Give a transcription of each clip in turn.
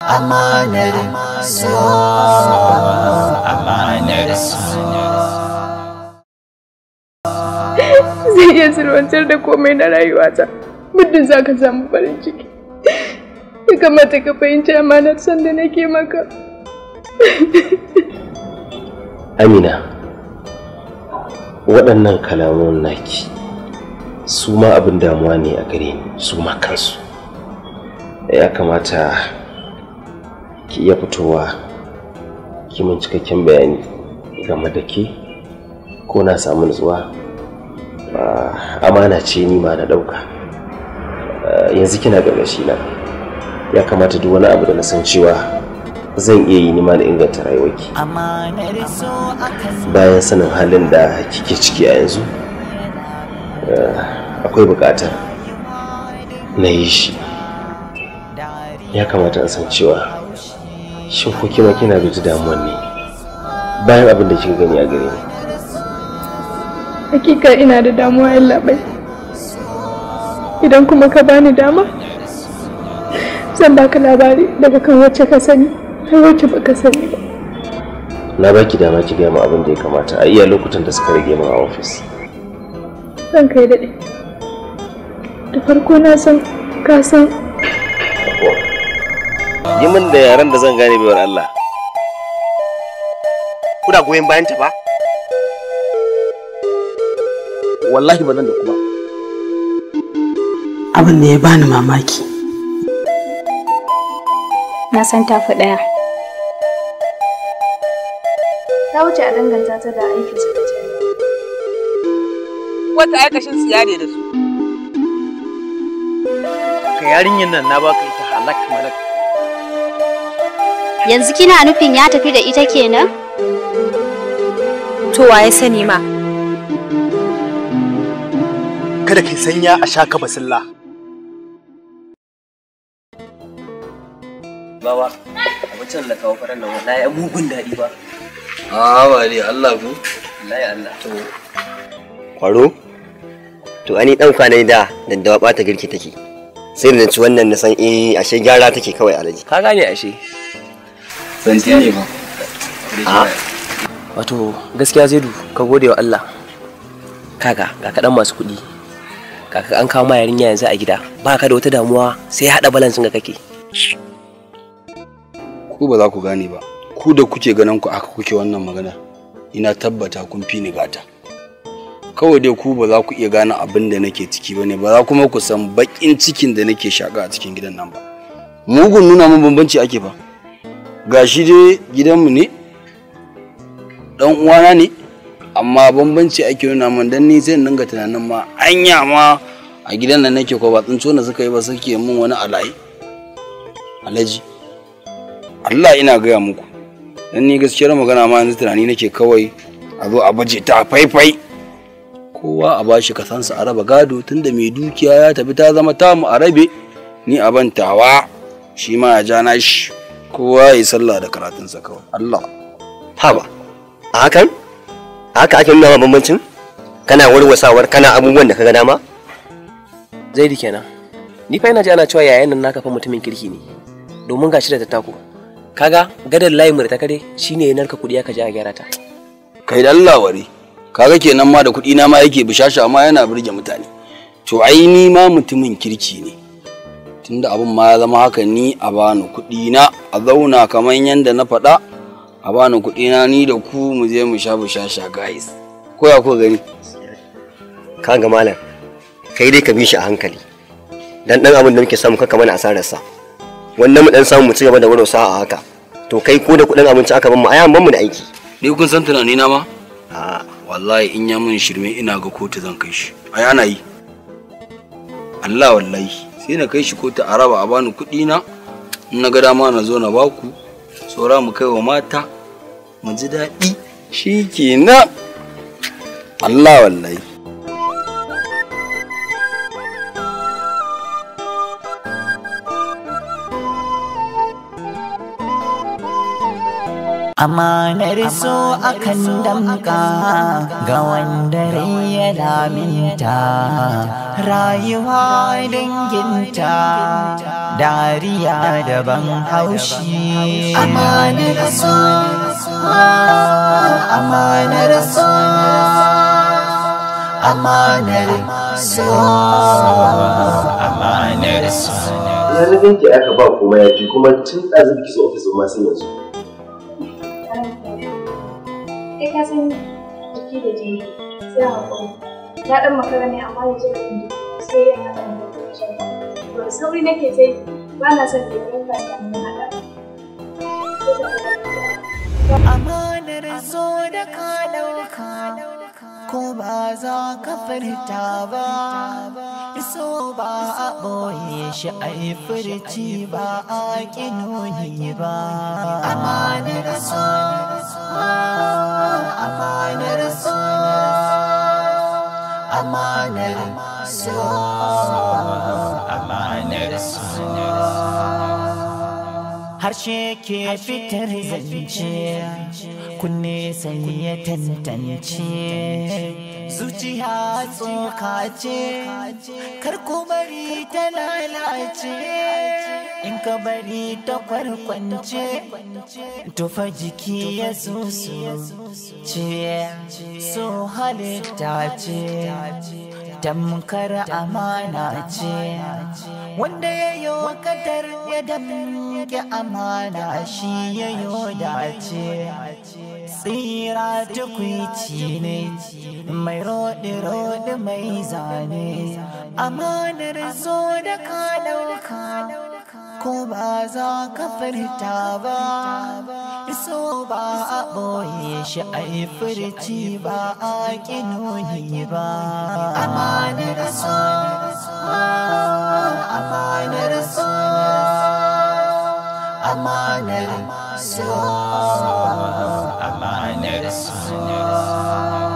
Amanar Zai iya zirwantar da komai na rayuwata, muddin za ka samu farin ciki. Ya kamata ka fahimci amanar son da nake maka. Amina, waɗannan kalamun naki su ma abin damuwa ne a gare ni su ma kansu. Ya kamata ki iya fitowa ki min cikakken bayani game da ke ko na samu nutsuwa amana ce ni ma na ɗauka eh, yanzu kina gargashi na ya kamata duk wani abu da na san cewa zan iya yi nima da inganta rayuwarki bayan sanin halin da kike ciki a yanzu eh, akwai buƙatar na yi shi ya kamata na san cewa shin ko kima kina ji damuwan ne bayan abin da kika gani a gare ni hakika ina da damuwa yalla labai idan kuma ka bani dama zan baka labari daga kan wacce ka sani har wacce baka sani ba na baki dama ki gaya mu abin da ya kamata a iya lokutan da suka rage min a ofis zan kai daɗe da farko na san ka san yi min da yaren da zan gane baiwar Allah kuna goyon bayan ta ba wallahi ba nan da kuma abin da ya bani mamaki na san tafi ɗaya ta wuce a danganta ta da aikin su da jami'a wata aikashin su yare da su ka yin nan na baka ita halakka malak yanzu kina nufin ya tafi da ita kenan? To waye sani ma. Kada ki sanya a sha basilla. Baba, abincin da kawo faran nan wallahi mugun daɗi ba. Ah, wale Allah ku. Wallahi Allah. To. Kwaro? To ani dan kwanai da daddawa bata girki take. sai da ci wannan na san eh ashe gyara take kawai alaji ka gane ashe santi ne ba wato gaskiya zaidu ka gode wa Allah kaga ga kaɗan masu kuɗi kaka an kawo ma yarinya yanzu a gida ba ka da wata damuwa sai haɗa balansin ga kake ku ba za ku gane ba ku da kuke ganin ku aka kuke wannan magana ina tabbata kun fi ni gata kawai dai ku ba za ku iya gane abin da nake ciki ba ne ba za kuma ku san baƙin cikin da nake shaƙa a cikin gidan nan ba mugun nuna min bambanci ake ba ga shi dai gidanmu ne dan uwana ne amma bambanci ake nuna man dan ni sai dinga tunanin ma anya ma a gidan nan nake ko ba tsinto na suka yi ba suke mun wani alai alaji Allah ina gaya muku dan ni gaskiyar magana ma yanzu tunani nake kawai a zo a baje ta faifai kowa a bashi kasansa a raba gado tunda mai dukiya ya tafi ta zama tamu a rabe ni a bantawa shi ma ya ja na shi kowa ya sallah da karatunsa kawai Allah haba a hakan a haka ake nuna bambancin kana warwasawar kana abubuwan da kaga dama zaidi kenan ni fa ina ji ana cewa yayan nan naka fa mutumin kirki ne domin gashi da tattako kaga gadar layin mu da shine ya narka kudi aka ji a gyara ta kai da Allah wari kaga kenan ma da kudi na ma yake bishasha ma yana burge mutane to ai ni ma mutumin kirki ne tunda abin ma ya zama haka ni a bani kuɗi na a zauna kamar yadda na faɗa a bani kuɗi na ni da ku mu je mu sha sha sha guys ko ya ko gani ka ga malam kai dai ka bi shi a hankali dan dan abin da muke samu kaka mana asarar sa wannan mu dan samu mu ci gaba da wurin sa a haka to kai ko da kudin abinci aka ban mu ayan ban mu da aiki ni kun san tunani na ma a wallahi in ya mun shirme ina ga kotu zan kai shi ai ana yi Allah wallahi sai na kai shi ko ta araba a bani kuɗi na in na ga dama na zo na baku tsora mu kai wa mata mu ji daɗi shi kenan Allah wallahi Amanar so akan damka ga wanda ya laminta rayuwa danginta dariya daban haushi. Amanar so, amanar so, amanar so, amanar so. Zalibin ke aka ba kuma ya ji kuma tun ɗazin kisa so ofis ma sun yanzu. ka san jiki da jini sai haƙuri na ɗan makara ne amma da jirgin sai ya haɗa da lokacin ba sauri nake ta ba na son da yi ba ta nuna haɗa amanar zo da ka ɗauka ko ba za ka ba Iso ba a ɓoye shi a yi furci ba a ƙi nuni ba amanar so amanar so amanar so amanar so harshe ke fitar zance kunne sai ya tantance zuciya tsoka ce kar ku bari ta lalace in ka bari ta kwarkwance tufa jiki ya susu ce so halitta ce tamkar amana ce wanda ya yi wakadar ya damke amana shi ya yi dace tsira tukwici ne mai roɗe-roɗe, mai zane amanar zo da ka ɗauka ko ba za ka furta ba so ba a ɓoye shi a yi furci ba a ƙinoni ba amanar so amanar so amanar so amanar so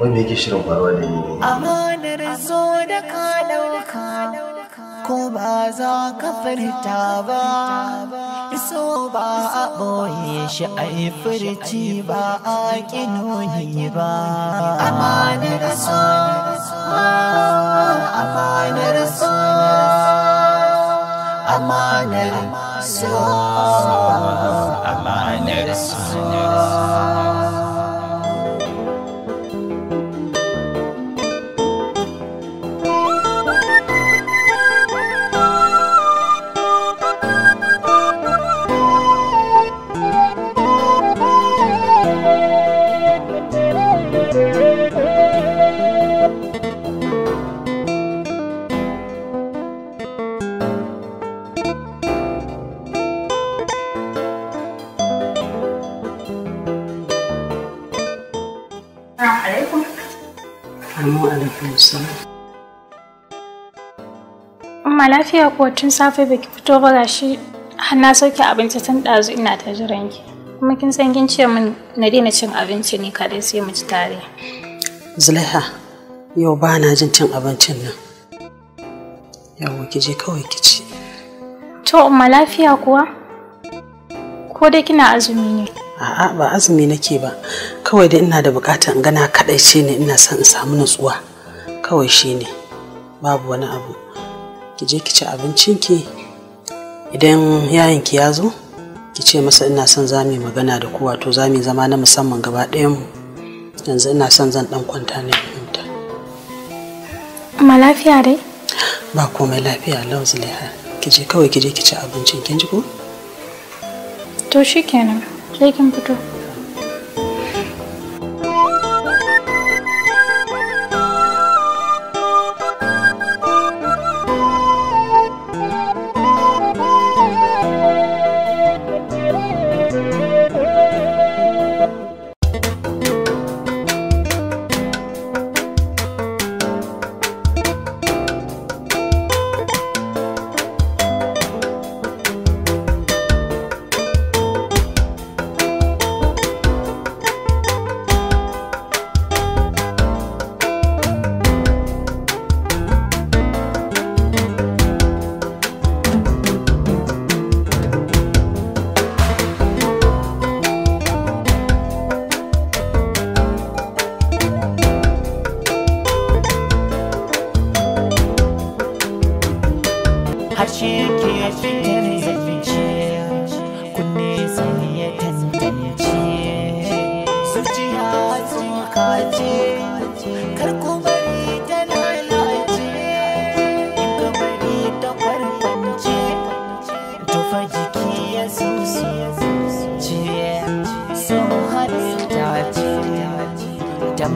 wanda yake shirin faruwa da ni ne amanar zo da ka dauka ko ba za ka furta ba iso ba a ɓoye shi a yi furci ba a ƙinoni ba amanar so amanar so amanar so amanar so Lafiya kuwa tun safe baki fito ba gashi har na sauke abinci tun ɗazu ina ta jiran ki. Kuma kin san kin ce min na daina cin abinci ne kaɗai sai mu ci tare. Zulaiha, yau ba na jin cin abincin nan. Yawo ki je kawai ki ci. To, amma lafiya kuwa? Ko dai kina azumi ne? A'a ba azumi nake ba. Kawai dai ina da bukatar in gana kaɗai ce ne ina son in samu nutsuwa. Kawai shi ne. Babu wani abu. ki je ki ci abincinki idan yayinki ya zo ki ce masa ina son za mu magana da kowa to za mu zama na musamman gaba ɗayan mu yanzu ina son zan dan kwanta ne huta amma lafiya dai ba komai lafiya lau zulaiha ki je kawai ki je ki ci abincin kin ji ko to shikenan sai kin fito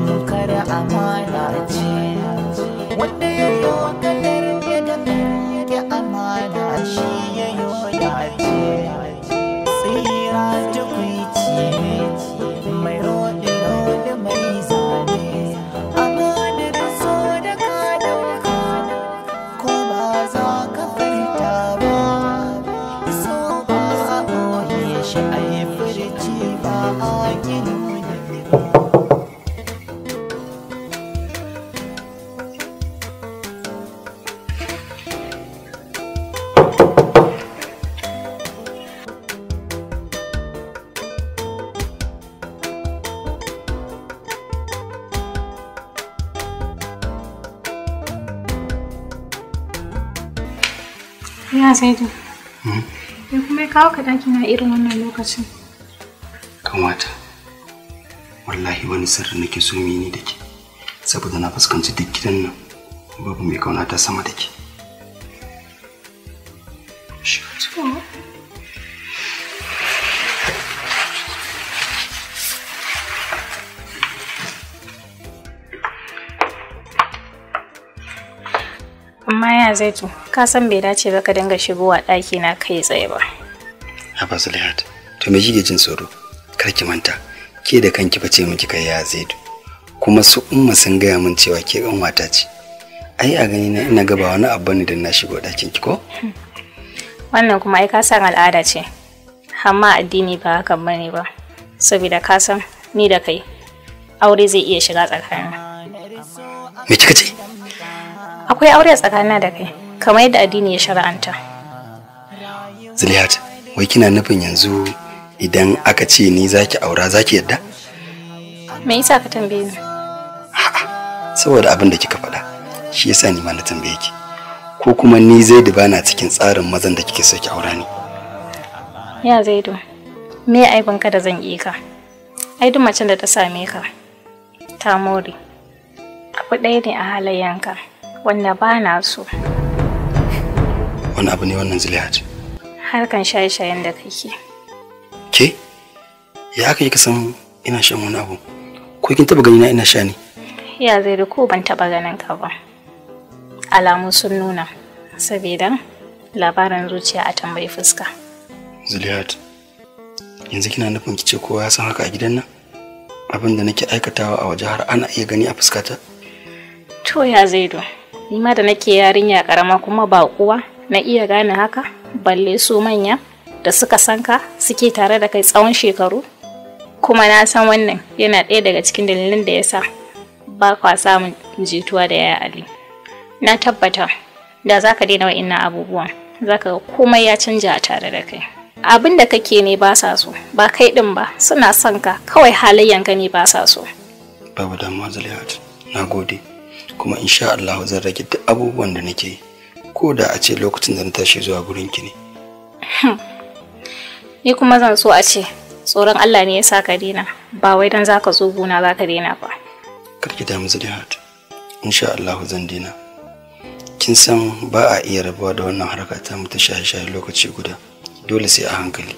tamkar amana ce wanda ya yi wa kalar ya da ya amana shi ya yi ce tsira tukwici ne mai rodi rodi mai zane da so da ka dauka ko ba za ka furta ba so ba a boye shi a yi furci ba a gina Saidu. Ya hmm? kuma ya kawo ka ɗaki na irin wannan lokacin. Kamata. Wallahi wani sirri nake so ni da ke. Saboda na fuskanci duk gidan nan babu mai kauna ta sama da ke. Shi amma ya zaitu ka san bai dace ba ka dinga shigowa ɗaki na kai tsaye ba haba zulaihat to me kike jin tsoro kar ki manta ke da kanki ba ce miki kai ya zaitu kuma su umma sun gaya min cewa ke kan wata ce ai a gani na ina ga ba wani abu ne da na shigo ɗakin ki ko wannan kuma ai san al'ada ce amma addini ba hakan bane ba saboda kasan ni da kai aure zai iya shiga tsakanin me kika ce akwai aure a tsakanina da kai kamar yadda addini ya shara'anta Zuliyat wai kina nufin yanzu idan aka ce ni zaki aura zaki yadda me yasa ka tambaye ni saboda abin da kika faɗa shi yasa ni ma na tambaye ki ko kuma ni Zaidu bana cikin tsarin mazan da kike so ki aura ni ya Zaidu me aibin ka da zan yi ka ai duk macen da ta same ka ta more abu ɗaya ne a halayyanka wanda ba na so. Wani abu ne wannan ziliya ce? Harkan shaye-shayen da kake. Ke? Ya aka yi kasan ina shan wani abu? Ko kin taba gani na ina sha ne? Ya zai da ko ban taba ganin ka ba. Alamu sun nuna, saboda labarin zuciya a tambayi fuska. Ziliyat, yanzu kina nufin kice kowa ya san haka a gidan nan? Abin da nake aikatawa a waje har ana iya gani a fuskata? To ya zaido. ni ma da nake yarinya karama kuma ba kuwa na iya gane haka balle su manya da suka san ka suke tare da kai tsawon shekaru kuma na san wannan yana ɗaya daga cikin dalilin da ya sa ba kwa samun jituwa da yaya ali na tabbata da za ka daina wa'innan abubuwan za ka komai ya canja a tare da kai abin da kake ne ba sa so ba kai ɗin ba suna son ka kawai halayyanka ne ba sa so babu damuwa zuliyat na gode kuma insha Allah zan rage duk abubuwan da nake yi ko da a ce lokacin da na tashi zuwa gurin ki ne hmm. ni kuma zan so a ce tsoron Allah ne ya sa ka daina ba wai dan zaka zo guna za ka daina ba karki da mu insha Allah zan daina kin san ba a iya rabuwa da wannan harka ta mu ta shaye-shaye lokaci guda dole sai a hankali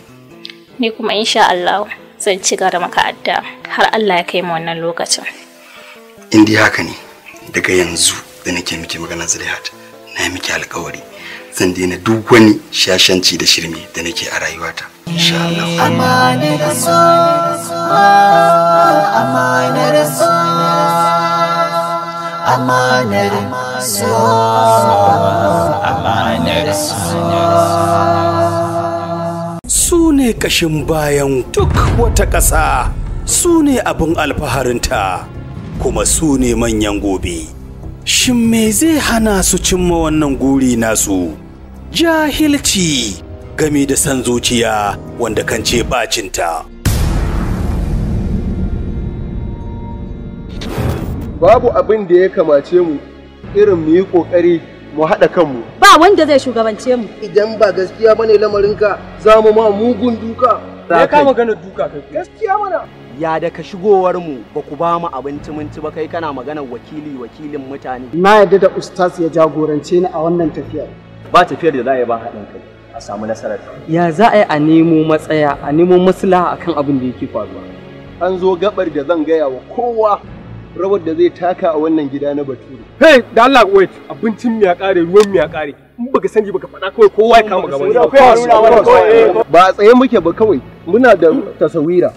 ni kuma insha Allah zan ci gaba maka adda har Allah ya kai mu wannan lokacin in dai haka ne daga yanzu da nake miki magana Zulaihat na yi miki alkawari zan daina duk wani shashanci da shirme da nake a rayuwata insha Allah eh, amanar so su ne kashin bayan duk wata ƙasa su ne abin alfaharinta kuma su ne manyan gobe. Shin me zai hana su cimma wannan guri nasu? Jahilci game da san zuciya wanda kan ce bacinta. Babu abin da ya kamace mu irin mu yi ƙoƙari mu haɗa kanmu. Ba wanda zai shugabance mu. Idan ba gaskiya bane lamarinka za mu ma mugun duka. Ya kama gana duka kai. Gaskiya mana. ya daga shigowar mu ba ku ba mu abinci minti ba kai kana magana wakili wakilin mutane na yadda da ustaz ya jagorance ni a wannan tafiyar ba tafiyar da za a yi ba haɗin kai a samu nasarar ya za a yi a nemo matsaya a nemo maslaha akan abin da yake faruwa an zo gabar da zan gaya wa kowa rawar da zai taka a wannan gida na bature hey da Allah wait abincin miya kare ruwan miya kare in baka sani baka faɗa kawai kowa ya kama gaban ba tsaye muke ba kawai muna da tasawira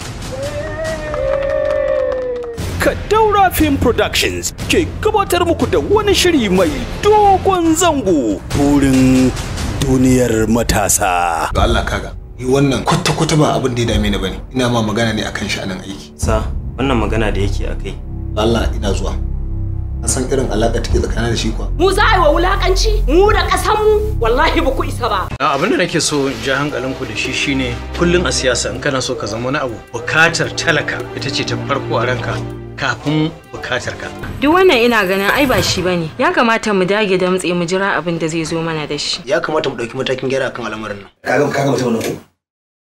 Kadaura Film Productions ke gabatar muku da wani shiri mai dogon zango burin duniyar matasa. Ga Allah kaga, yi wannan kwata-kwata ba abin da ya dame ni bane. Ina ma magana ne akan nan aiki. Sa, wannan magana da yake a kai. Allah ina zuwa. a san irin alaƙa take tsakanin da shi kuwa. Mu za a yi wa wulaƙanci mu da ƙasanmu wallahi ba ku isa ba. Abin da nake so in ja ku da shi shine kullum a siyasa in kana so ka zama wani abu bukatar talaka ita ce ta farko a ranka. kafin bukatar ka. Duk wannan ina ganin ai ba shi bane. Ya kamata mu dage damtse mu jira abin da zai zo mana da shi. Ya kamata mu dauki matakin gyara kan al'amarin nan. ka ga mutum nan ko?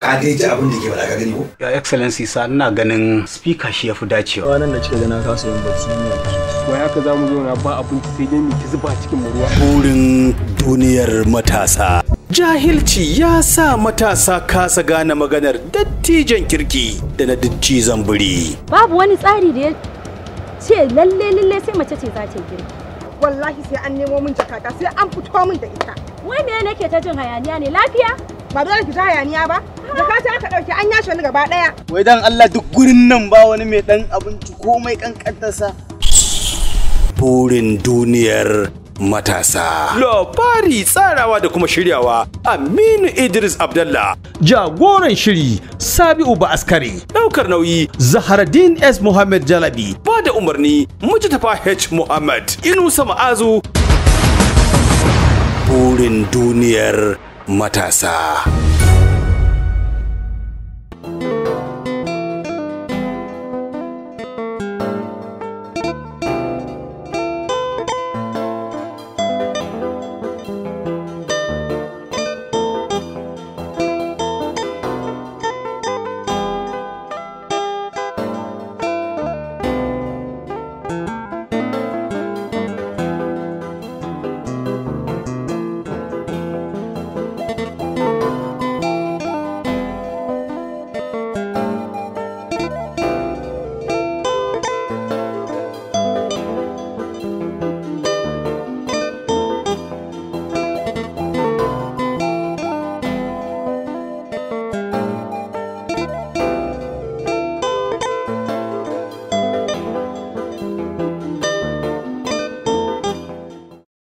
Ka dai ji abin da ke faɗa ka gani ko? Ya excellency sa ina ganin speaker shi yafi dacewa. Wannan da cike da na kasa yin bacci ne. ya haka za mu zo na ba abinci sai dai mu ki zuba cikin ruwa. Burin duniyar matasa. jahilci ya sa matasa kasa gane maganar dattijan kirki da na dattijan buri babu wani tsari da ya ce lalle lalle sai mace ce za ta girki wallahi sai an nemo min jakata sai an fito min da ita wai me nake ta jin hayaniya ne lafiya ba dole ki ta hayaniya ba jakata aka dauke an yashe ni gaba daya wai dan Allah duk gurin nan ba wani mai dan abinci komai sa. burin duniyar matasa. Labari tsarawa da kuma shiryawa Aminu Idris Abdallah. Jagoran shiri Sabi uba askari. Ɗaukar nauyi Zaharadin S. Muhammad Jalabi. Ba da umarni Mujtafa H. Muhammad. Inusa Ma'azu. Burin duniyar matasa.